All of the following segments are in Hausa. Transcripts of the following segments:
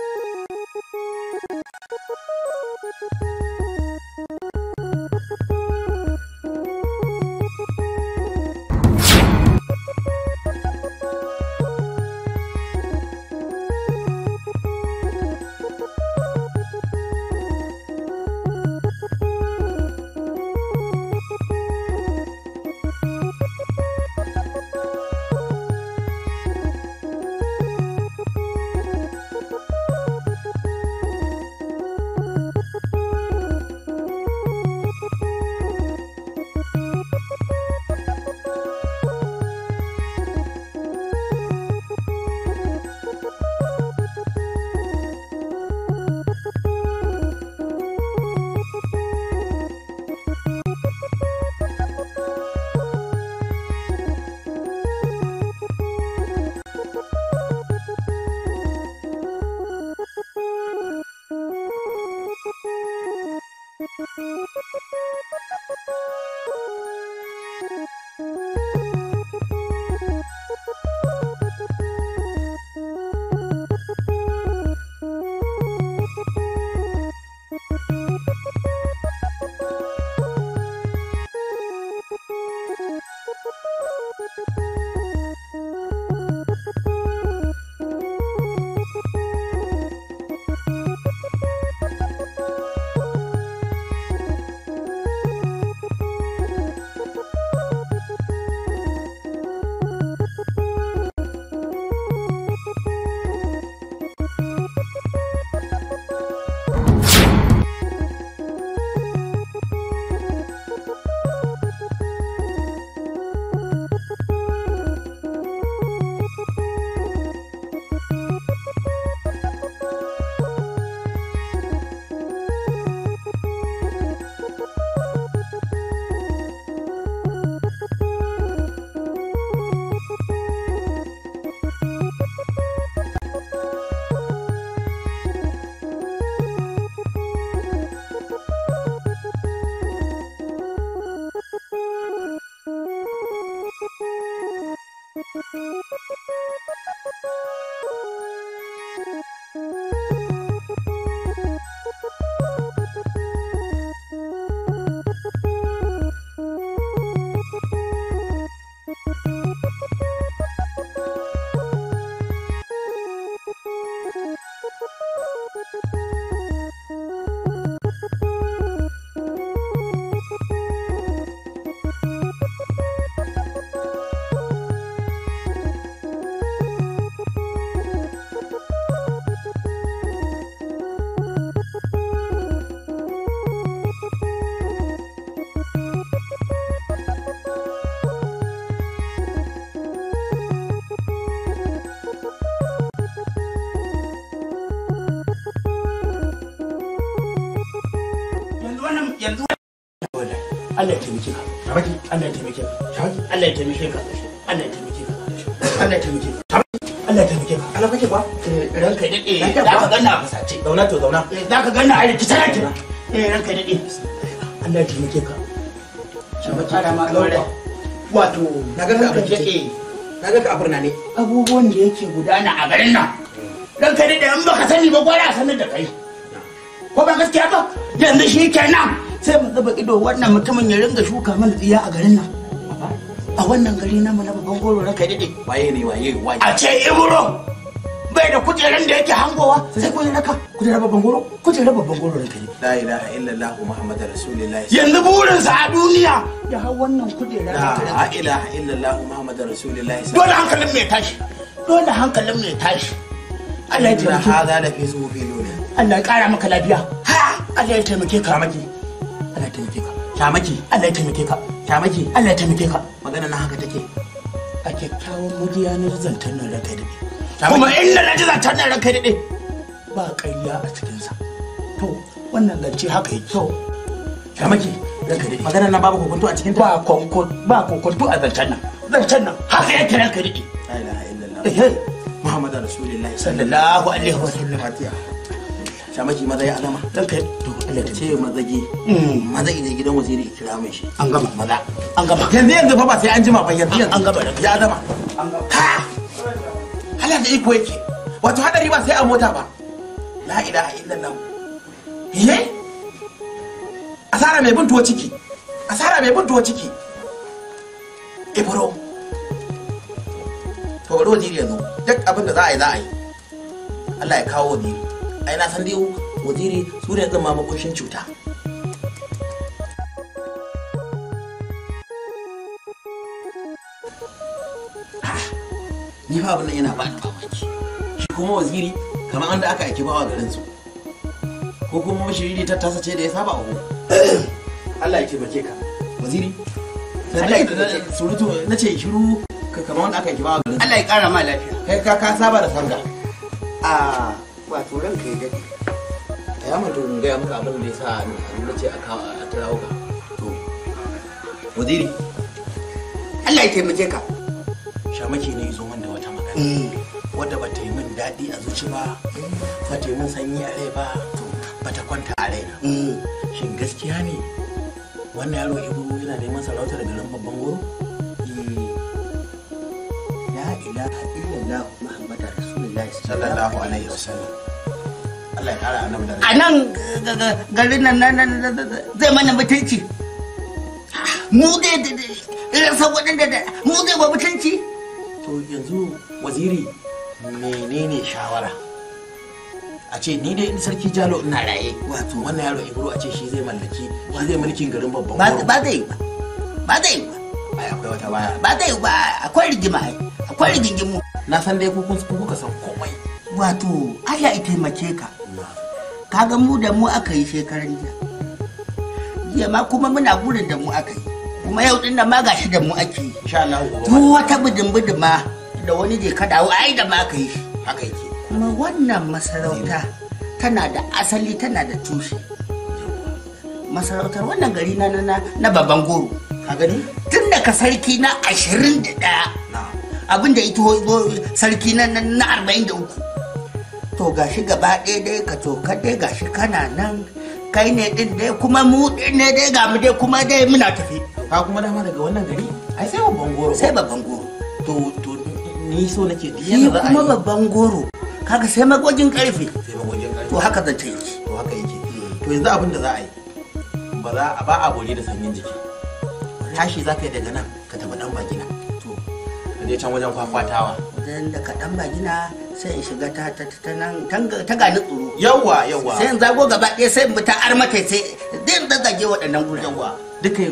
Thank you. Allah ya taimake ka Allah ya taimake ka Allah ya taimake ka Allah ya taimake ka Allah kake ba eh, ranka dade ka ganna a fasace zauna to zauna eh, za ka ganna a rikice na kina eh ranka dade Allah ya taimake ka da ma dole wato na ga ka abin na ga ka abin ne abubuwan da yake gudana a garin nan ranka dade in baka sani ba gwara sanar da kai ko ba gaskiya ba yanzu shi kenan sai mu zuba ido wannan mutumin ya ringa shuka mana tsiya a garin nan a wannan gari namu na babban goro ranka dade waye ne waye waye a ce ibro bai da kujeran da yake hangowa sai kun yi naka kujera babban goro kujera babban goro ranka ne la ilaha illallah muhammadu rasulullahi yanzu burin sa a duniya ya hau wannan kujerar la ilaha illallah muhammadu rasulullahi dole hankalin mai tashi dole hankalin mai tashi Allah ya taimake ha ga da fi zuwa fi ne. Allah ya kara maka lafiya. Ha! Allah ya taimake ka. maki Allah ya taimake ka. maki Allah ya taimake ka. ta maki Allah ta muke ka magana na haka take a kyakkyawan mujiya na zantar nan ranka dade kuma illa na zantar nan ranka dade ba ƙarya a cikinsa to wannan zance haka yake to ta maki ranka dade magana na babu kokonto a cikin ta ba kokon ba kokonto a zantar nan zantar nan haka yake ranka dade la ilaha illallah eh, eh. Muhammadu Rasulullahi sallallahu alaihi wa sallam shamaki maza ya alama dan kai to Allah ka ce mazagi mm. mazagi ne gidan waziri kira mai shi an gama maza an gama yanzu yanzu fa ba sai an jima ba yanzu an gama ya alama an gama ha hala da iko yake wato hadari ba sai a mota ba la ilaha illallah eh asara mai bin tuwo ciki asara mai bin tuwo ciki ibro to bari waziri yanzu duk abin da za a yi za a yi Allah ya kawo waziri ai na san dai waziri su ne zama makushin cuta ni fa abin yana ba ni mamaki shi kuma waziri kamar wanda aka aiki bawa garin su ko kuma mashiriri ta tasa ce da ya saba abu Allah ya bake ka waziri surutu na ce shiru kamar wanda aka aiki bawa garin su Allah ya kara ma lafiya kai ka saba da sanga a ah, wato ran kai dai ya mutu in gaya maka abin da ya sa a na ce a kawo a tarawo ka to waziri Allah ya taimake ka shamaki ne ya zo wanda wata magana eh. wadda ba ta yi min daɗi a zuci ba ba ta yi min sanyi a rai ba ba ta kwanta a rai. Eh. shin gaskiya ne wannan yaro ya ibu yana neman sarauta da garin babban goro eh. la ilaha illallah muhammad sallallahu alaihi wasallam Allah ya kara annabi da a nan garin nan zai mana mutunci mu zai da mu zai ba mutunci to yanzu waziri menene shawara a ce ni dai sarki jalo ina raye wato wannan yaro ibro a ce shi zai mallaki shi zai mulkin garin babban ba zai yi ba ba zai yi ba akwai wata baya ba zai yi ba akwai rigima akwai rigingimu na san dai ku kuka san komai wato Allah ya taimake ka kaga mu da mu aka yi shekaran jiya jiya ma kuma muna gurin da mu aka yi kuma yau din nan ma gashi da mu ake yi insha Allah duk wata bidin bidin ma da wani je ka dawo ai da ma aka yi haka yake kuma wannan masarauta tana da asali tana da tushe masarautar wannan gari na na na baban goro ka gani tun daga sarki na ashirin da ɗaya abin da ito sarki na da 43 to gashi gaba ɗaya dai ka tokar dai gashi kana nan kai ne ɗin dai kuma mu ɗin ne dai ga mu dai kuma dai muna tafi ka kuma dama daga wannan gari ai sai babban goro sai babban goro to to ni so nake duk yanda za a yi kuma babban goro kaga sai magogin karfe sai magogin karfe to haka zan yake to haka yake hmm. to yanzu abin da za a yi ba za a ba a bore da sanyin jiki tashi za yi daga nan je can wajen kwakwatawa wajen da kaɗan ba gina sai in shiga ta ta ta nan ta gani tsoro Yawwa yawwa. sai in zago gaba ɗaya sai in ta armata sai zai in zazzage waɗannan gurin Yawwa. duka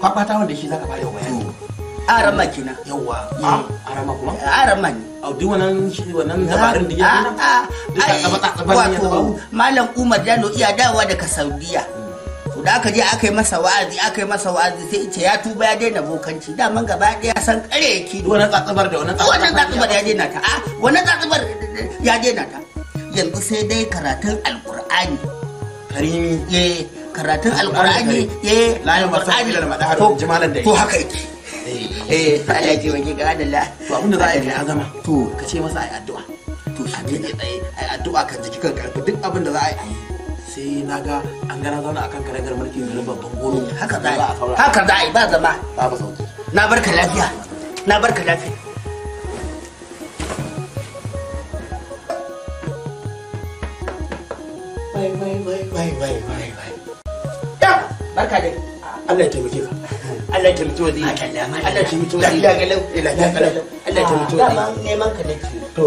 kwakwatawa da shi zaka fara yau yanzu. arama kina Yawwa. Eh. Ah, arama kuma eh, arama ne au duk wannan shi wannan dabarun da ya nuna ah, ah, duka tsaba tsaba ne wato malam Umar Jalo iya dawa daga Saudiya mm. to da aka je aka yi masa wa'azi aka yi masa wa'azi sai ce ya tuba ya daina bokanci daman gaba daya san kare yake wani tsatsubar da wani tsatsubar wannan tsatsubar ya daina ta a ah, wannan tsatsubar ya daina ta yanzu sai dai karatun alkur'ani karimi eh karatun alkur'ani eh layin wasa'il da madahar jimalan da to haka yake eh, eh Allah ya ji wani ga Allah to abinda za a yi azama. to ka ce masa ai addu'a to shi ne tsaye ai addu'a kan jiki kan karfi duk abin da za a yi sai na ga an gana zauna akan kare gar mulki da babban goro haka za a haka za a ba zama ba sauki na ka lafiya na barka lafiya bai bai bai bai bai bai bai barka dai Allah ya taimake ka Allah ya taimake wa zai Allah ya taimake wa zai lafiya galau lafiya galau Allah ya taimake wa zai neman ka nake to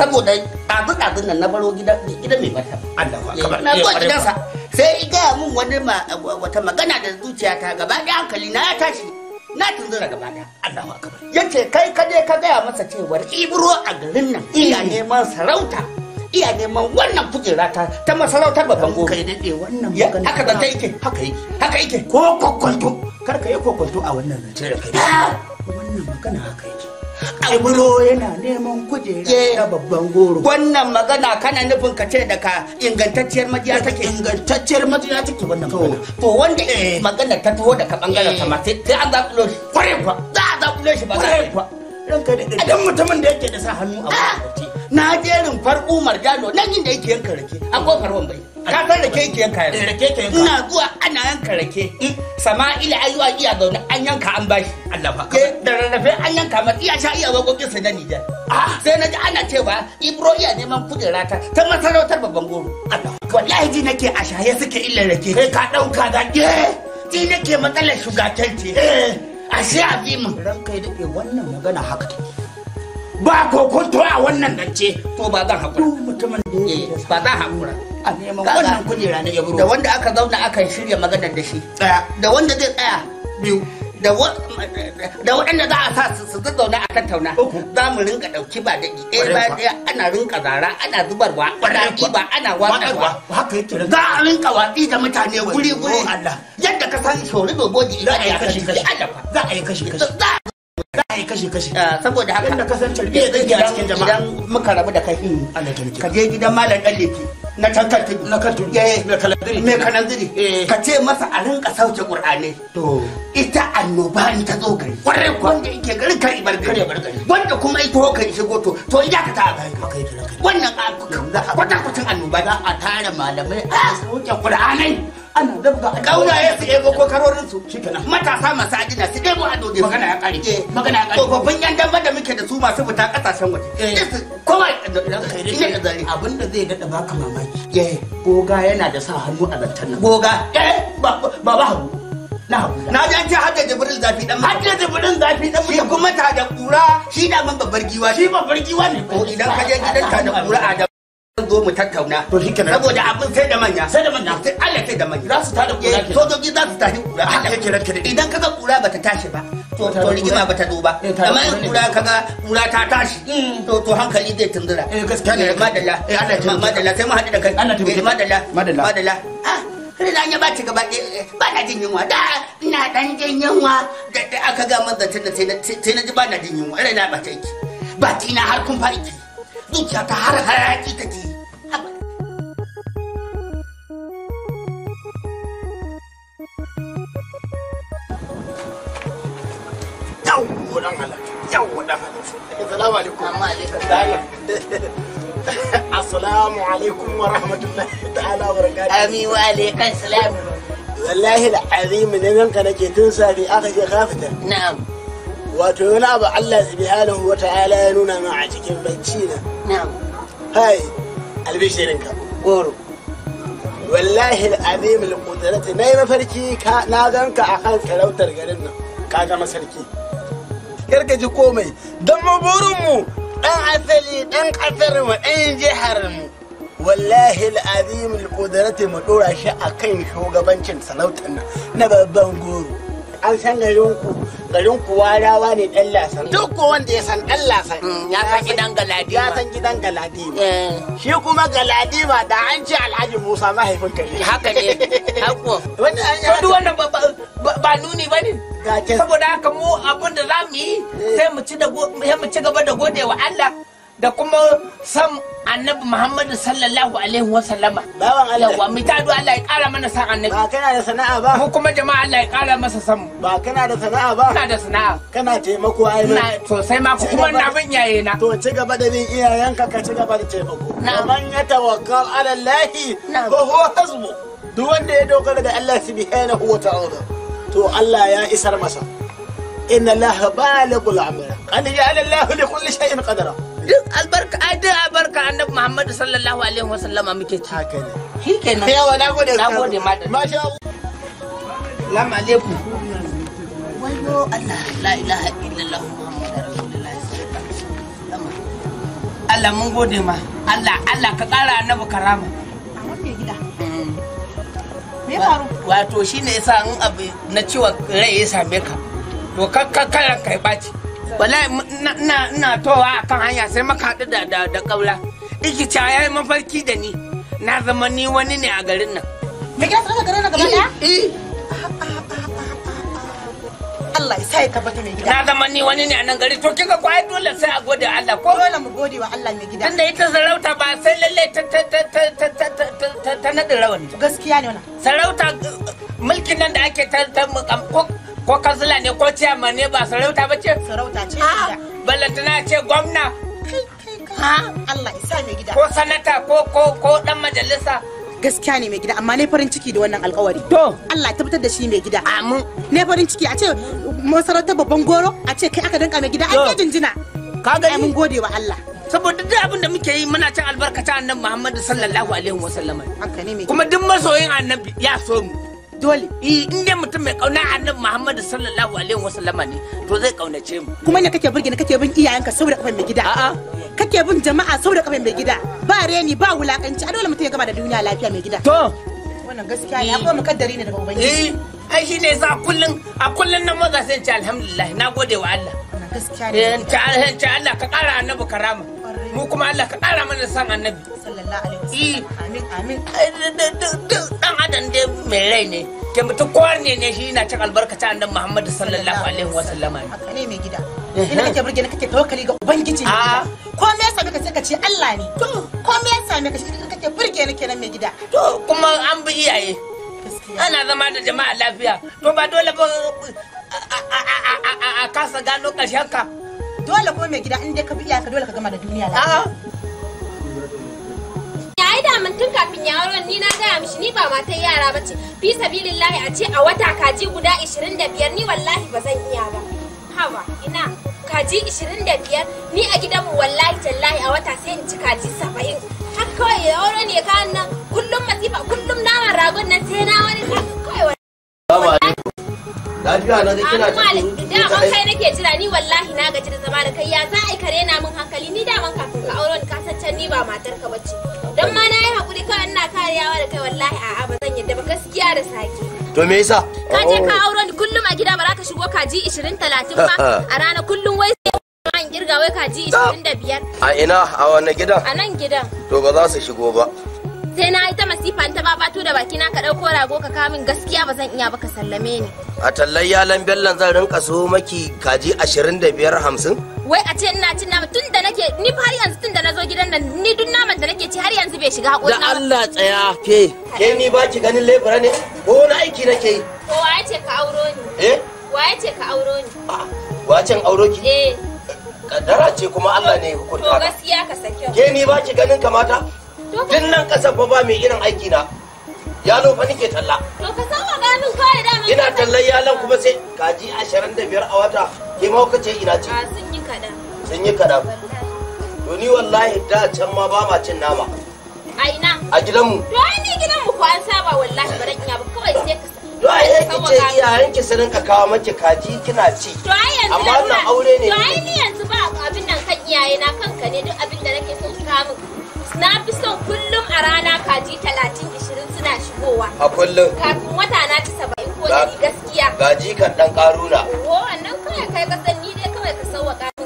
saboda ɗazu ɗazun nan na baro gidan mai bata eh, na zuwa eh, gidansa sai i gaya mun wani wata magana da zuciya ta gaba ɗaya hankali na ya tashi na tunzura gaba ɗaya Allah ya ce kai ka je ka gaya masa cewar ibro a garin nan eh. iya neman sarauta iya neman wannan kujera ta ta masarautar babban gobe kai dade wannan magana haka ta yake haka yake haka yake ko kokonto kar ka yi kokonto a wannan zance da kai ah! wannan magana haka yake Ibro yana neman kujera da babban goro. Wannan magana kana nufin ka ce daga ingantacciyar majiya take. Ingantacciyar majiya take wannan magana. To wanda eh. magana ta taho daga bangaren ta mace eh. sai an zaɓi shi. Kwarai kuwa. Za a zaɓi shi ba za a yi. idan mutumin da yake da sa hannu a wani ah! na jerin farko marjano nan yin da yake yanka rake a kofar wambai. ka san rake ke yanka yanzu eh, rake ke yanka ina zuwa ana yanka rake eh. Sama ila zuwa iya zaune an yanka an bashi Allah fa da rarrafe an yanka masa iya sha iya waƙoƙin sa na Nijar ah. sai na ji ana cewa Ibro iya neman kujera ta ta masarautar babban goro wallahi ji nake a shaye suke illa rake kai eh, ka dauka ga ke ji nake matsalar shugabanci ashe a a bi mun ranka ya dade wannan magana haka take ba kokonto a wannan dance to ba zan haƙura ba zan haƙura a neman wannan kujera na yabro da wanda aka zauna aka shirya maganar da shi da wanda zai tsaya biyu da da waɗanda za a sa su su zauna a tattauna za mu rinka ɗauki ba daɗi ɗaya ba ɗaya ana rinka zara ana zubarwa ana ɗiba ana watsarwa za a rinka watsi da mutane guri guri oh yadda ka san shori dogo da ina ya kashi kashi za a yi kashi kashi kashi-kashi ah, saboda haka inda kasance ke kake a cikin jama'a idan muka rabu da kai hmm. ka je gidan malam dan na tankan tudu na kan tudu eh, mai kalandiri mai eh. ka ce masa a rinka sauke qur'ani to ita annoba in ta zo gari kwarai ko wanda yake gari kan ibar gari wanda kuma ita ka shigo to to ida ka ta kai wannan kwata-kwatan annoba za a tara malamai a sauke qur'ani ana zabga kauna ya su ego ko karorin su matasa masu ajina su ego a doge magana ya kare eh, magana ya kare to babban yan damba da muke da su masu fita kasashen waje eh. kowa ne da zari eh, abin da zai dada baka mamaki goga yana da sa hannu a zantan nan goga ba ba hagu na ji an ce hajjar jibril zafi dan hajjar jibril zafi dan shi kuma ta da kura shi da man babbar giwa shi babbar giwa ne ko idan ka je gidan ta da kura a zo mu tattauna to shikenan saboda abin sai da manya sai da manya sai Allah sai da manya za su tada kura kenan sojoji za su tada kura Haka yake ranka da idan kaga kura bata tashi ba to to rigima bata zo ba eh, amma in kura kaga kura ta tashi mm. to to hankali zai tunzura eh gaskiya ne eh, madalla eh Allah ya madalla sai mu haɗu da kai Allah ya eh, madalla madalla madalla ah Rina ya baci gaba ba na jin yunwa da ina dan jin yunwa da aka ga mun zancen da sai na ji ba na jin yunwa rina ba ta yi ba na har kun fa yake zuciya ta har har haraki take yawwa da assalamu alaikum wa rahmatullahi ta'ala wa barakatuh amin wa alaikum salam wallahi da azimi ne nake tun safi aka kafita na'am wato abu Allah subhanahu wa ta'ala ya nuna min a cikin bacci na na'am hai goro wallahi al'azim al nayi mafarki na ganka akan sarautar garin nan ka gama sarki karka ji komai don mu burinmu dan asali dan kasar mu dan jihar mu wallahi al'azim al mu dora shi a kan shugabancin sanautan na babban goro an san garin ku garin kuwa rawa ne dan lasan duk ko wanda ya san dan lasan mm, ya san gidan galadi ya san gidan galadi eh. shi kuma galadi da an ce alhaji musa mahaifin kare haka ne hakko wannan duk wannan ba nuni ba ne saboda haka mu abin da za mu yi eh. sai mu ci gaba da gode wa Allah da kuma san annabi muhammadu sallallahu alaihi wasallama bawan allah yawa mu ta Allah ya kara mana san annabi ba kana da sana'a ba mu kuma jama'a Allah ya kara masa san ba kana da sana'a ba kana da sana'a kana taimako ai na sai ma kuma na bin yaye na to ci gaba da bin iyayenka ka ci gaba da taimako na man ya tawakkal ala allah fa huwa hasbu duk wanda ya dogara da Allah subhanahu wa ta'ala to Allah ya isar masa inna allaha baligul amr qad ja'ala allahu li kulli shay'in qadara duk albarka ai duk albarka annabi Muhammad sallallahu alaihi wasallama muke ci haka ne shikenan sai wa nagode nagode madalla masha Allah assalamu alaikum wayo Allah la ilaha illallah Allah mun gode ma Allah Allah ka kara annabi karama mm. Me Wato shine yasa in abu na ciwon rai ya same ka. To kakkan karan kai baci. wallahi na na towa akan hanya sai maka da da da kaula ikica yayi mafarki da ni na zama ni wani ne a garin nan me ka tsaka garin nan gaba Allah ya sai tabbata mai gida. Na zama ni wani ne a nan gari to kika kwai dole sai a gode Allah ko? Dole mu gode wa Allah mai gida. Tunda ita sarauta ba sai lalle ta ta ta ta ta ta ta ta ta ta Gaskiya ne wannan. Sarauta mulkin nan da ake ta ta ko ko kansila ne ko ciyama ne ba sarauta ba ce? Sarauta ce ah! gida. Ballantana ce gwamna. Ha ah! Allah isa mai gida. Ko sanata ko ko ko dan majalisa. Gaskiya ne mai gida amma ne farin ciki da wannan alkawari. To. Allah tabbatar da shi mai gida. Amin. Ne farin ciki a ce masarautar babban goro a ce kai aka danka mai gida an jinjina. Ka gani. Mun gode wa Allah. saboda duk abin da muke yi muna cin albarkacin annabi Muhammad sallallahu alaihi wasallam. Haka ne mai. Kuma duk masoyin annabi ya so mu. dole eh in mutum mai kauna annabi Muhammadu sallallahu alaihi wasallama ne to zai kaunace mu kuma ne kake burgina kake bin iyayenka saboda kafin mai gida a'a kake bin jama'a saboda kafin mai gida ba reni ba wulakanci a dole mutum ya gaba da duniya lafiya mai gida to wannan gaskiya ne akwai mukaddari ne daga ubangiji eh ai shine za sa kullun a kullun nan maza sai ce alhamdulillah na gode wa Allah gaskiya ne ta eh, Allah ka kara annabi karama mu kuma Allah ka kara mana san annabi sallallahu alaihi wasallam eh, amin amin eh, dan adam dai mai rai ne ke mutu kwarne ne ne shi na cin albarkaci annabi Muhammad sallallahu alaihi wa sallama. wasallam haka ne mai gida eh, ina kake burge kake tawakkali ga ubangiji ne ah. ko me yasa kake sai ka ce Allah ne to ko me yasa me kake burge ni kenan mai gida to kuma an bi iyaye ana zama da jama'a lafiya to ba dole ba a kasa gano ƙarshen ka dole ko mai gida in dai ka bi ka dole ka gama da duniya lafiya ah. da mun tun kafin ya auren ni na gaya mishi ni ba matan yara ba ce fi sabilillahi a ce a wata kaji guda 25 ni wallahi ba zan iya ba hawa ina kaji 25 ni a gidanmu wallahi tallahi a wata sai in ci kaji 70 haka kawai ya auren ne kawo nan kullum masifa kullum naman ragon nan sai na wani haka kawai lafiya na da kina ta da man kai nake jira ni wallahi na gaji da zama da kai ya za a yi kare na mun hankali ni da man kafin ka auren ka san ni ba matar ka bace Don ma na yi hakuri kawai ina kariyawa da kai wallahi a'a ba zan yadda ba gaskiya da sake. To me yasa? Ka je ka oh. auro ni kullum a gida ba za ka shigo kaji 20 30 ba a rana kullum wai sai an girga wai kaji 25. A ina a wannan gidan? A nan gidan. To ba za su shigo ba. sai na yi ta masifa ta babato da baki na ka ɗauko rago ka kawo min gaskiya ba zan iya ba ka sallame ni. A tallayya lambellan zan rinka so maki kaji ashirin da biyar hamsin? wai a ce ina cin nama tun da nake ni har yanzu tun da nazo gidan nan ni duk naman da nake ci har yanzu bai shiga hakuri da Allah tsaya ke ke ni ba ki ganin lebura ne ko wani aiki nake yi ko waye ce ka auro ni eh waye ce ka auro ni wace auro ki eh kaddara ce kuma Allah ne ya hukunta to gaskiya ka sake ke ni ba ki ganin kamata din nan kasar ba ba mai irin aiki na yalo fa nike talla to ka san maganin kai da ina tallan yalan kuma sai kaji 25 a wata ke ma ce ina ce sun yi kaɗan sun yi kaɗan to ni wallahi da can ma ba ma cin nama a ina a gidanmu to ai ni gidanmu ko an saba wallahi ba iya ba kawai sai ka to ai yake ce iyayen ki sanin ka kawo maki kaji kina ci to ai yanzu amma wannan aure ne to ai ni yanzu ba abin nan kan iyaye na kanka ne duk abin da nake son su kawo na fi son kullum a rana kaji talatin 20 suna shigowa a kullum kafin wata na ci 70 Gaji kan ɗan ƙaruna. Ko wannan kawai kai kasanni ne ni dai kawai ka sauwaka.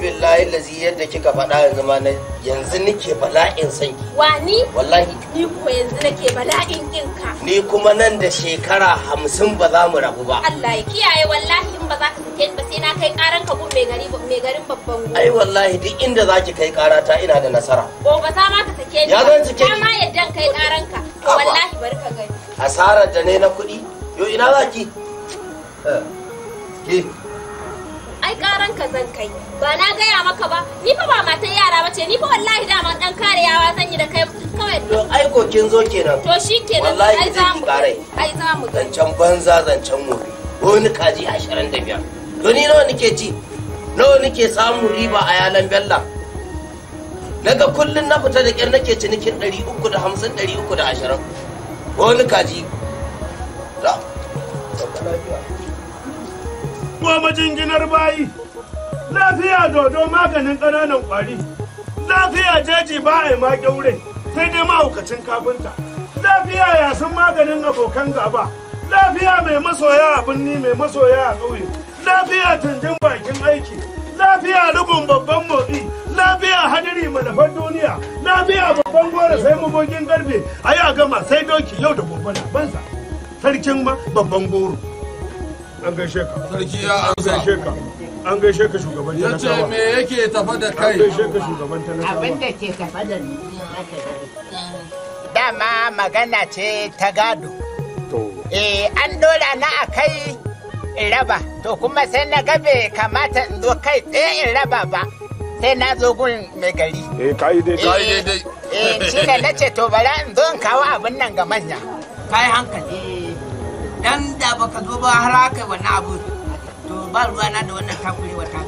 billahi lazi yadda kika faɗa yanzu ma na yanzu nake bala'in san ki wani wallahi ni kuma yanzu nake bala'in kinka ni kuma nan da shekara hamsin ba za mu rabu ba Allah ya kiyaye wallahi in ba za ka sake ba sai na kai karan ka gun mai gari mai garin babban gobe. ai wallahi duk inda za ki kai ta ina da nasara ko ba za ma ka sake ni ya zan sake ki ma yadda kai karan ka wallahi bari ka gani asarar da ne na kuɗi yo ina za ki eh, ki ranka zan kai ba na gaya maka ba ni fa ba matan yara bace ni fa wallahi daman dan karewa zan yi da kai kawai to ai ko kin zo kenan to shi kenan ai za mu kare ai za mu zancen banza zancen mu wani kaji 25 to ni nawa nake ci nawa nake samu riba a yalan bella daga kullun na fita da kyar nake cinikin 350 320 wani kaji Ko majinginar bayi. lafiya dodo maganin ƙananan ƙwari lafiya jeji ba a yi ma ƙyaure sai dai mahaukacin kafinta lafiya yasun maganin abokan gaba lafiya mai masoya a birni mai masoya a ƙauye lafiya tanjin bakin aiki lafiya rubun babban motsi lafiya hadiri manufar duniya lafiya babban gora sai mabokin garbe a yi a gama sai doki yau da gobe na sarkin babban goro an gaishe ka an gaishe ka an gaishe ka shugaban talakawa yace me yake tafa da kai an gaishe ka shugaban talakawa abin da ke tafa da ni dama magana ce ta gado eh an dora na a kai in raba to kuma sai na gabe kamata in zo kai tsaye in raba ba sai na zo gun mai gari eh kai dai kai dai eh, eh na nace to bara in zo in kawo abin nan ga manya kai hankali dan da baka zo ba har aka wani abu ba ruwa na da wannan takurewa ta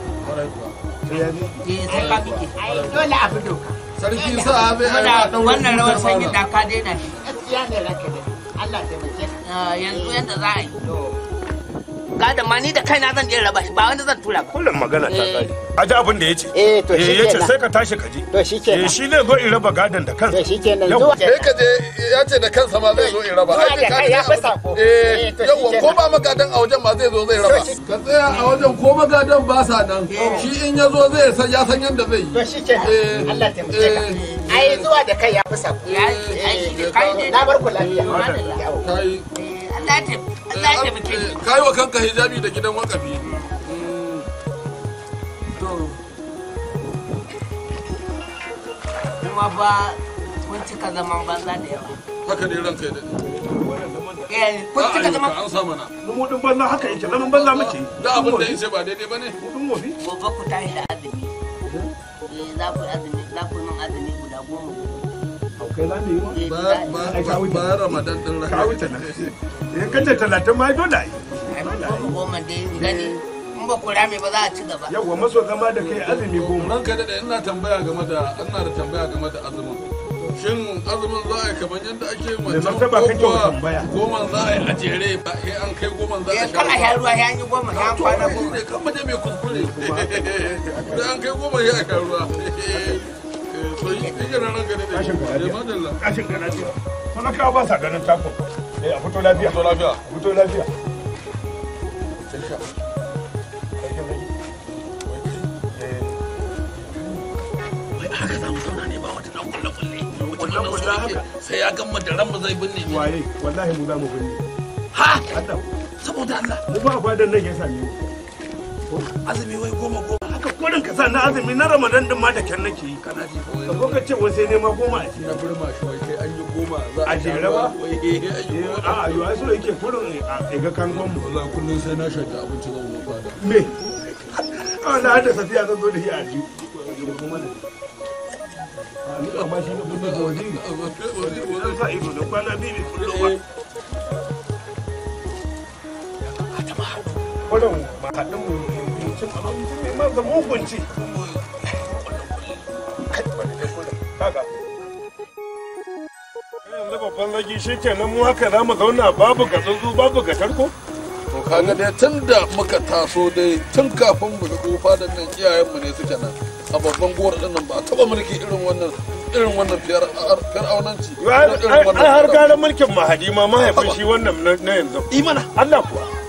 eh, sai ka dole a fito sarki sa abe ana dan wannan rawar sanyi da ka daina ne gaskiya ne ranka da Allah taimake ka ah, yanzu yadda za a yi gadon ma ni da kaina zan je raba shi ba wanda zan tura ba kullum magana ta kai eh. a ji abin da yace eh to shi eh, ce sai ka tashi ka je to ke shikenan eh, shi ne zo in raba gadon da kansa to ke nan zuwa sai ka je ce da kansa ma zai zo in raba ai ka ya fa sako eh yawa ko ba magadan a wajen ma zai zo zai raba ka tsaya a wajen ko magadan ba sa nan shi in ya zo zai san ya san yanda zai yi to shikenan Allah ta mutaka ai zuwa da kai ya fi sako ya ai kai ne na bar ku lafiya Allah ta Eh, Kai wa kanka hijabi da gidan wakafi. Kuma ba kun cika zaman banza da yawa. Haka ne ranka ya daɗe. Eh, kun cika zaman an sa mana. Mu din banza haka yake zaman banza muke. Da abin da yace ba daidai bane. Mu din wofi. Gobe ku tashi da eh, azumi. Za ku azumi za ku nun azumi guda goma. Kai za mu ba? Ba Ramadan din Ramadan. Eh, kace talatin ma dole a ci maso zama da kai azumi goma ranka da ina tambaya game da ina da tambaya game da azumin shin azumin za a yi kamar yadda ake wancan kokowa goman za a yi a jere ba sai an kai goman za a kama ya ya yi goma ya kwana goma ne kan mace mai kuskure an kai goma ya sha ruwa eh, to yi da ne eh, madalla kashin kana ce ba sa ganin takon eh a fito lafiya fito lafiya fito lafiya eh. haka za mu zauna ne ba wata dan kulle kulle kulle haka sai ya gama da ranmu zai binne ni waye wallahi mu za mu binne ha saboda Allah mu ba fadan nan ya sami azumi wai goma goma kurin ka sa na azumi na ramadan din ma da kyan nake yi kana ji ka ko ka ce wai sai nema goma a ce na burma shi wai sai an yi goma za a a a yi yake a ga kan kullun sai na shaji abinci zan me a na da safiya zan zo da shi a ji shi ido da kwana biyu ne kullum ba haɗin mu mai ma ga mugun ci yanzu babban ragi shi kenan mu haka za mu zauna babu gatsatsu babu gatarko to kaga dai tun da muka taso dai tun kafin mu shigo fadan nan iyayenmu ne suke nan a babban gowar din nan ba a taba mulki irin wannan irin wannan fiyar aunanci ai har gara mulkin mahadi ma mahaifin shi wannan na yanzu imana Allah kuwa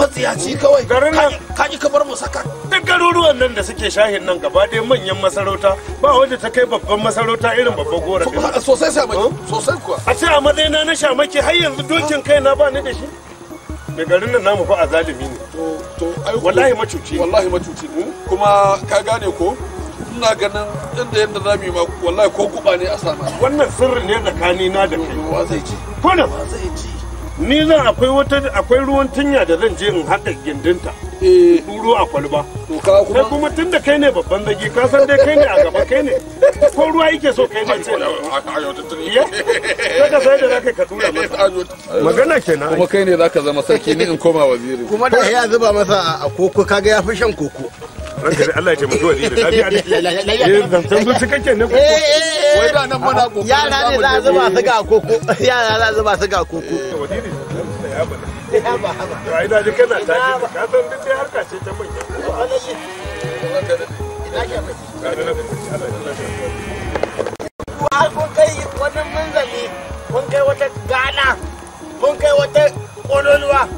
matsiyaci kawai garin nan ka ka bar mu saka duk garuruwan nan da suke shahin nan gaba dai manyan masarauta ba wanda ta kai babban masarauta irin babban gora sosai shamaki sosai kuwa a ce a matsayina na shamaki har yanzu dokin kai na ba ni da shi da garin nan namu fa a zalimi ne to wallahi macuci wallahi macuci hmm? kuma ka gane ko ina ganin inda yadda zamu yi ma wallahi ko guba ne a sana wannan sirri ne tsakani na da kai wa zai ci ko da ba zai ci ni zan akwai wata akwai ruwan tunya da zan je in haɗa gindinta eh ruwa a kwalba to ka kuma kuma tunda kai ne babban zagi ka san dai kai ne a gaba kai ne ko ruwa yake so kai ne ce ka sai da zaka ka tura masa magana kenan kuma kai ne zaka zama sarki ni in koma waziri kuma da ya zuba masa a koko kaga ya fi shan koko ranka da Allah ya taimaki lafiya ne eh ne koko eh, eh, eh. wai da nan koko yara ne za a zuba su ga koko yara za a zuba su ga koko wadiri da ji kana ta ji ka san duk harka ce ta kai wani munzali kun kai wata gana kun kai wata kololuwa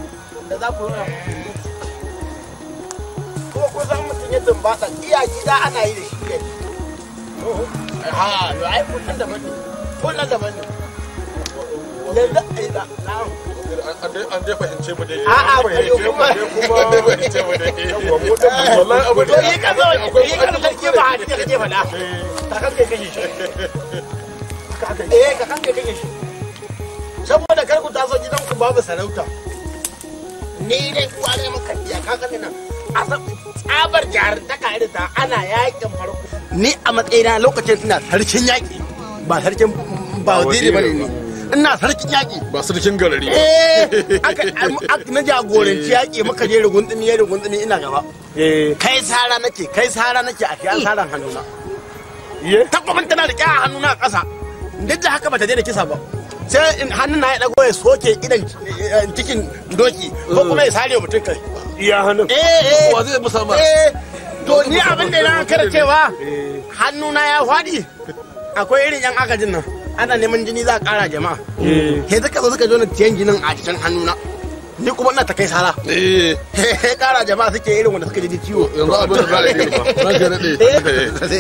da za ku nuna zumbatsa iya gida ana yi da shi ke ha da ai da bane da bane yanzu ai da mu ta saboda kar ku taso gidan ku babu sarauta ni dai ne maka iya nan tsabar jihar ta kare ta ana yakin farko ni a matsayina lokacin ina sarkin yaki ba sarkin ba waziri ba ne ina sarkin yaƙi. Ba sarkin garari. Eh, na jagoranci eh. yaƙi maka je ruguntsumi ya ruguntsumi ina gaba. Eh. Kai sara nake, kai sara nake a kiyan saran hannuna. ta kwamin tana da kya hannuna a ƙasa. Duk da haka ba ta da kisa ba. Sai hannuna ya ɗago ya soke idan eh, cikin doki ko kuma ya sare mutum kai. iya hannun eh, eh. wa zai musa ma eh, to ni abin da na kada cewa hannuna ya faɗi akwai irin yan agajin nan ana neman jini za a ƙara jama'a he suka zo suka zo na jinin a cikin hannuna ni kuma ina ta kai sara eh ƙara jama'a suke irin wanda suka ji ciwo yanzu abin da zai yi ba na ga nade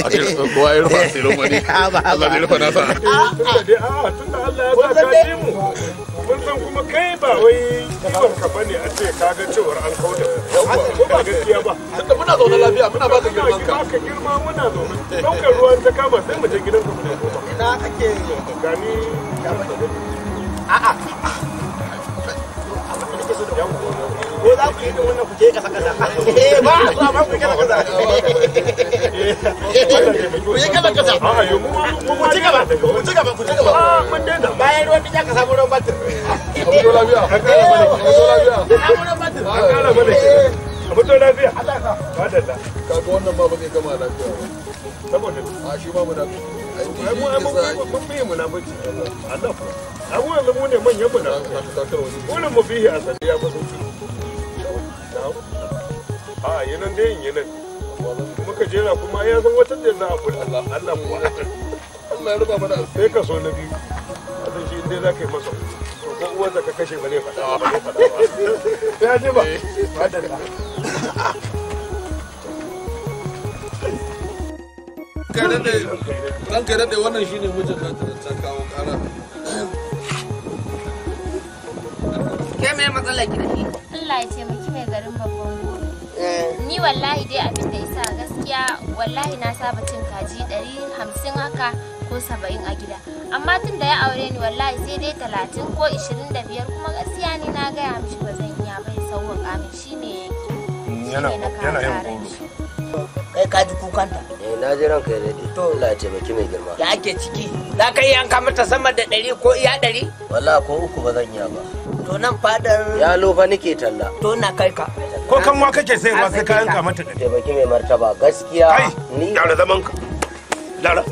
a ce kowa ya rufa asirin wani ne rufa nasa a a tunda Allah ya ba ka mu mun san kuma kai ba wai kiwon ka bane a ce ka ga cewar an kau da ko ba gaskiya ba da muna zaune lafiya muna ba ka girman ka ka girma muna zaune daukar ruwan ta kama sai mu je gidan ka mu koma ina kake gani a'a abin da a a a yawa ko za ku yi da wannan ku je kasa kasa eh, ba a ba ku kasa kasa ku yi kasa kasa ku ci gaba ku ci gaba ku ci gaba bayan ruwan bija ka samu ruwan batir abu to lafiya ka eh, kara bane abu to lafiya ka samu ruwan ka kara bane abu to lafiya Allah ka madalla kaga wannan ma ba zai gama lafiya saboda a shi ma mu da mun fi mu na baki Allah ku abubuwan mu ne manyan mu na wurin mu bihi a sadiya ba sun a yanan dai yanan muka jera kuma ya zan wata da na abu Allah Allah kuwa Allah ya ruba mana sai ka so na biyu shi dai zaka yi masa to ko uwar da ka kashe ba fada ba fada ba ya ji ba eh. madalla wannan shine mijin da ta kawo ke me matsalar ki da shi Allah ya ce garin Bakono. Eh. Ni wallahi dai abin da isa gaskiya wallahi na saba cin kaji ɗari hamsin haka ko saba'in a gida. Amma tun da ya aure ni wallahi sai dai talatin ko ishirin da biyar kuma gaskiya ni na gaya mishi ba zan iya bai sauwaƙa min shi ne mm, yana yin goro. Kai ka ji kukanta. Eh na ji ranka ya daɗe. To Allah ya taimaki mai girma. Ya ake ciki. Za ka iya kama ta sama da ɗari ko iya ɗari? Wallahi ko uku ba zan iya ba. to nan fadar ya lofa nake talla to na kai ka ko kan wa kake sayarwa sai kayan ka mata da baki mai martaba gaskiya ni da zaman ka lara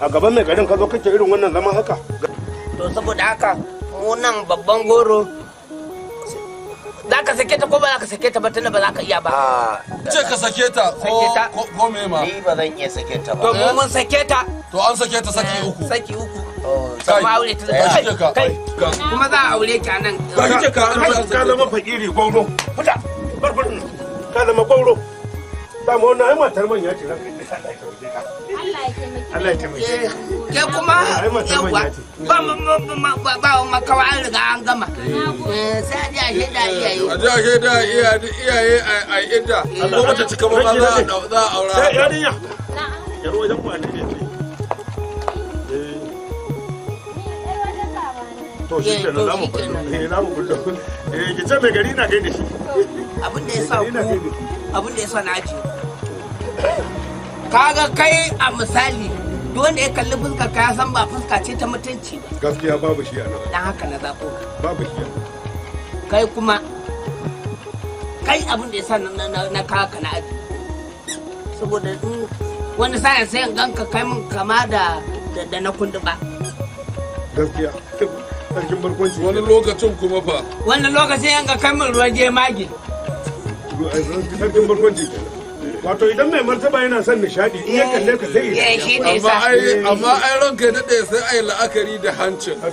a gaban mai garin ka zo kake irin wannan zaman haka to saboda haka mu nan babban goro za ka sake ta ko ba za ka sake ta ba tunda ba za ka iya ba ah. ce ka sake ta ko ko me ma ni ba zan iya sake ta ba to mu mun sake ta to an sake ta saki uku eh, saki uku oh. kuma aure ta kai kuma za a aure ki anan ba kike ka ka zama fakiri gwauro fita barbarin ka zama gwauro dama wannan ai matar manya ce ranka ne ka ka Allah ya yawa ba ba ba an riga an gama eh, a a iyaye a a a ko cika ba a za a aura sai ku ne eh. to shi na shi abin kaga kai a misali duk wanda ya kalli fuska ka ya san ba fuska ce ta mutunci ba gaskiya babu shi a nan dan haka na zaɓo babu shi kai kuma kai abin da ya na na kaka na aji saboda wani sa'in sai in ganka kai mun kama da da na kundi ba gaskiya sarkin barkwanci wani lokacin kuma fa wani lokacin yanga kai mun ruwan je magi sarkin barkwanci kenan wato idan mai martaba yana son nishadi in ya eh. kalle ka sai ya eh, amma ai amma ai ranka ya dade sai ai la'akari da hancin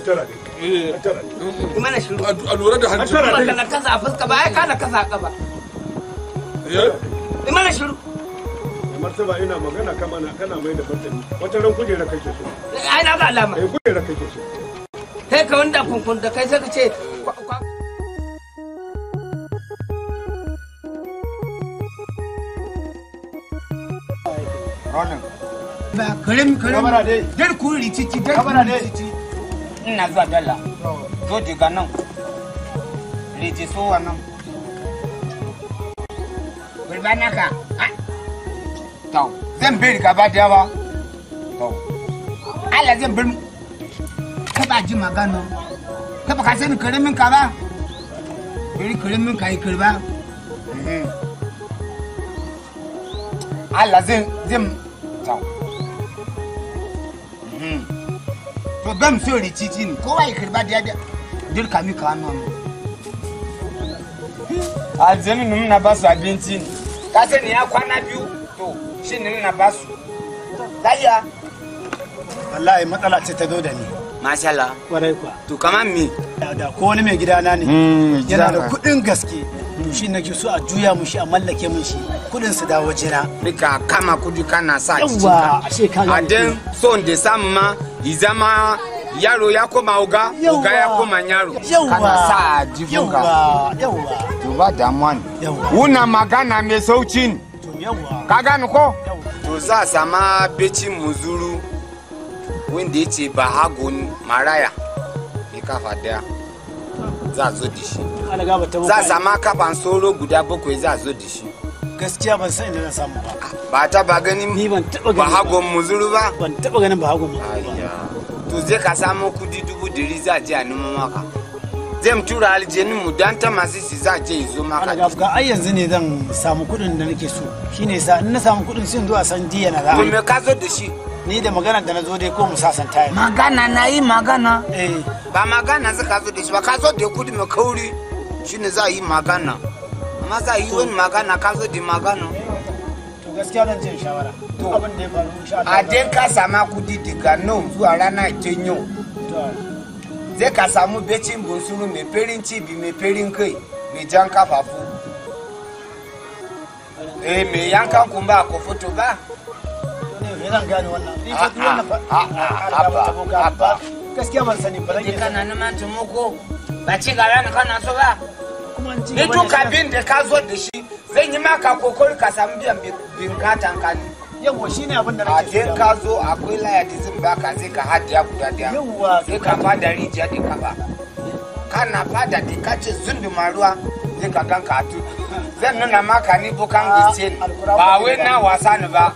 kuma na eh. a lura da hancin kuma kana kaza a fuska ba ai kana kaza ka ba na shiru martaba ina magana kama na kana mai da wata ran kujera kake so ai na ga alama eh kujera kake so kai ka da kai sai ka ce rolling ba karen karen dar ku rikici dar ku rikici ina zuwa dalla to diga nan rikici so wannan gurbana ka ah. to zan bi gaba da yawa to Allah zan bi ka ba ji magana ka ba ka sani karamin ka ba bari karamin ka yi karba mhm. Allah zan zan town mhm. to gam so rikici ne kowa ya karba da yadda dirka mika hannun a jinin nuna na basu abinci ne ka sani ya kwana biyu to shi nuna na basu. lafiya wallahi matsala ce ta zo da ni mashallah kwarai kuwa to da ko wani mai gidana ne hmm, yana da kuɗin gaske to shi nake so a juya mu shi a mallake mun shi kudin su dawo jira rika kama kudi kana sa a a ka a den so da samu ma izama yaro ya koma uga uga ya koma yaro kana sa a jifunka yawa to ba damuwa ne wuna magana mai ne ka gani ko to za a sama becin muzuru wanda ya ce ba hagun maraya ne kafa daya za a zo da shi za sama kafan soro guda bakwai za a zo da shi gaskiya ban san inda zan samu ba ba ta ba ganin ba ban taba ganin bahagon muzuru ba ban taba ganin bahagon muzuru ba to zai ka samu kudi dubu dari za a je a nemo maka zai tura aljanin mu don ta masu si za a je zo maka ga ai yanzu ne zan samu kudin da nake so ne sa in na samu kudin sun zuwa san diya na za a me ka zo da shi ni da magana da na zo dai ko mu sasanta magana na yi magana eh ba magana zai ka zo da shi ba ka zo da kudi mai kauri shine za a yi magana amma za a yi wani magana ka zo da magana to gaskiya zan ce shawara to abin da ya faru insha Allah a dai ka sama kudi daga nan zuwa rana nyo to zai ka samu becin bunsuru mai ferin cibi mai ferin kai mai jan kafafu eh mai yankan kumba ko foto ba me zan wannan ni duk ah, wannan fa a ah, ba ah, gaskiya ban sani ba zan yi kana na man tumoko ba ci gaba ne kana so ba ni duk abin da ka zo da shi zan yi maka kokori ka samu biyan binkatan ka ne yawwa shine abin da nake so ka zo akwai layatism ba ka sai ka hadiya guda daya yawwa sai ka fada rijiya din ka ba kana fada din ka ce zunduma ruwa sai ka ganka a tudu zan nuna maka ni bukan gistin ba wai na wasa ne ba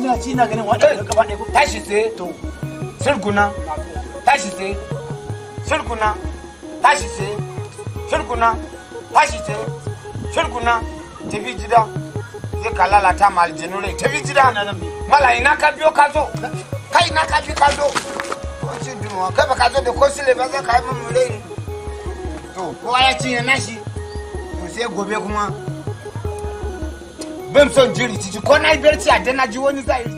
ina ci ina ganin wani ɗaya gaba ɗaya tashi tsaye to sirguna tashi tsaye sirguna tashi tsaye sirguna tashi tsaye sirguna tafi gida zai ka lalata ma aljanu rai tafi gida mala ina ka biyo ka zo kai ina ka bi ka zo ko dunwa kai ba ka zo da ko sile ba zai ka yi mun to kowa ya cinye nashi to sai gobe kuma ban son jiri ciki ko na yi barci a ji wani za yi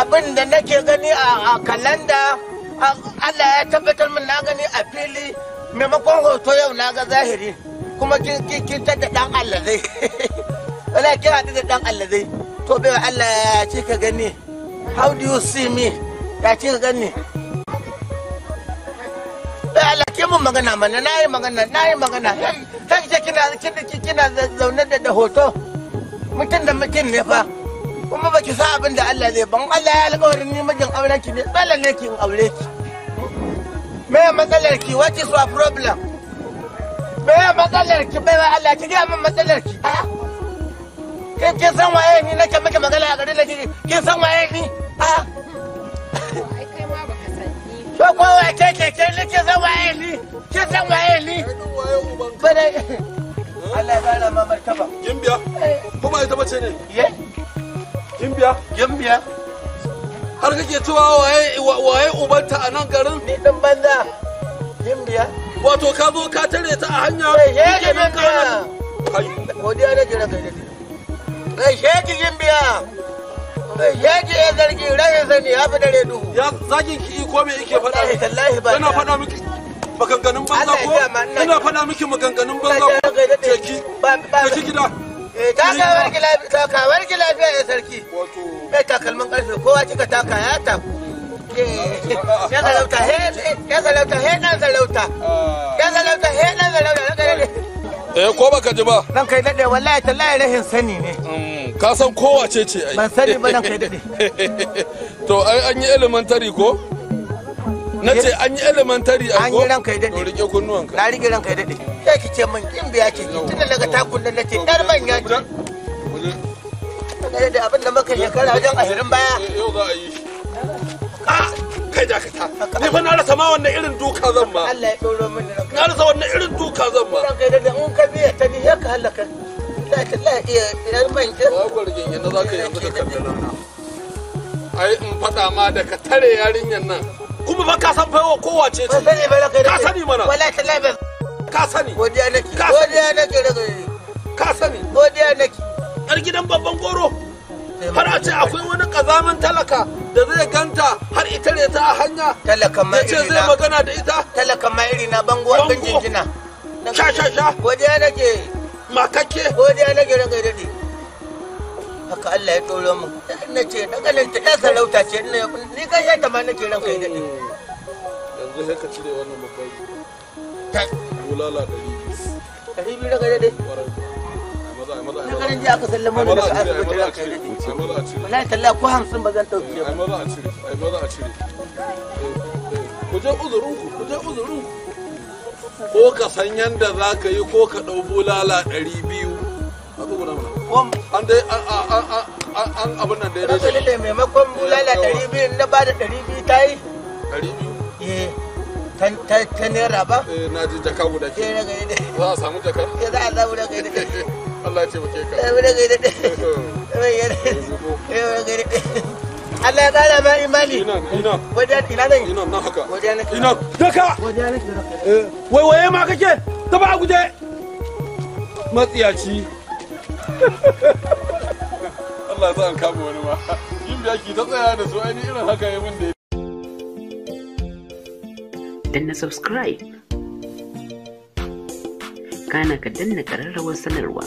abin da nake gani a kalanda Allah ya tabbatar min na gani a fili maimakon hoto yau na ga zahiri kuma kin da dan Allah wala kin da dan Allah zai to bai Allah ya ce ka gani how do you see me ya ce ka ganni eh ke mun magana mana na yi magana na yi magana kan ce kina kina zaune da da hoto mutum da mutum ne fa kuma baki sa abin da Allah zai ban Allah ya alƙawarin ni mijin auren ki ne dole ne ki in aure ki me matsalar ki what is your problem me matsalar ki bai wa Allah ki ga mun matsalar ki kin san waye ni nake miki magana a garin da kin san waye ni a ko kowa ce ce ni waye ni ki san waye ni. Allah ya bada ma martaba. Gimbiya. Kuma ita bace ne. Ye. Gimbiya. Gimbiya. Har kake cewa waye waye ubanta a nan garin? Ni dan banza. Gimbiya. Wato ka zo ka tare ta a hanya. Ye gimbiya. Godiya da jira kai. sheki yaji ya zargi rahin sani ya fi dare duhu ya zagin ki ko me yake faɗa wallahi eh, tallahi ba ina faɗa miki maganganun banza ko ina faɗa miki maganganun banza ko teki teki gida eh, takawar ki lafiya takawar ki lafiya ya sarki wato kai takalmin karfe kowa kika taka ya taku ya salauta he ya salauta he na salauta ya ah. salauta he na salauta eh ko baka ji ba dan kai dade wallahi tallahi rahin sani ne mm, ka san kowace ce ai ban sani ba dan kai dade to ai an yi elementary ko na ce an yi elementary an yi ranka kai dade rike kunnuwanka na rike ran kai dade sai ki ce min kin biya ce tun da daga takun nan nace dar ban ya ce da abin da muka shekara wajen ashirin baya eh, yau za a yi kai da ka ta ni fa na rasa ma wannan irin duka zan ma Allah ya mini na rasa wannan irin duka zan ma da in ka biya ta ni halaka ta la iya ba gurgin yana yanzu ai in ma da ka tare yarinyan nan kuma fa ka san fa kowa ce ce ka sani mana wallahi ta ka sani godiya nake godiya nake ka sani godiya nake gidan babban goro har a ce akwai wani kazamin talaka da zai ganta har ita ne ta a hanya talakan ma ce zai magana da ita talakan ma iri na bango a kan jinjina sha sha sha godiya nake makakke godiya nake daga dade haka Allah ya tsoro mu na ce na ganin ta ɗan sarauta ce ni kan yi ta ma nake ran kai dade yanzu sai ka cire wannan ta bulala ɗari biyu ɗari biyu daga dade na garin ji aka sallama ne daga asibiti da kai wallahi talla ko hamsin ba zan dauke ba ai maza a cire ai maza a cire ku je uzurin ku ku je ko ka san yanda yi ko ka dau bulala ɗari biyu an dai an nan ne maimakon bulala ba da ɗari biyu ta ɗari biyu eh, ta naira ba? Eh, na ji jaka guda ke eh, za a samu jaka? za a samu jaka Allah ya taimake ka abu da gaida da Allah ya kara ma imani wajen ina nan ina nan haka wajen nan ina daka wajen Eh. wai waye ma kake ta ba guje matsiyaci Allah ya sa an kama wani ma yin biyaki ta tsaya da su ainihin irin haka yayin mun da danna subscribe kana ka danna ƙararrawar sanarwa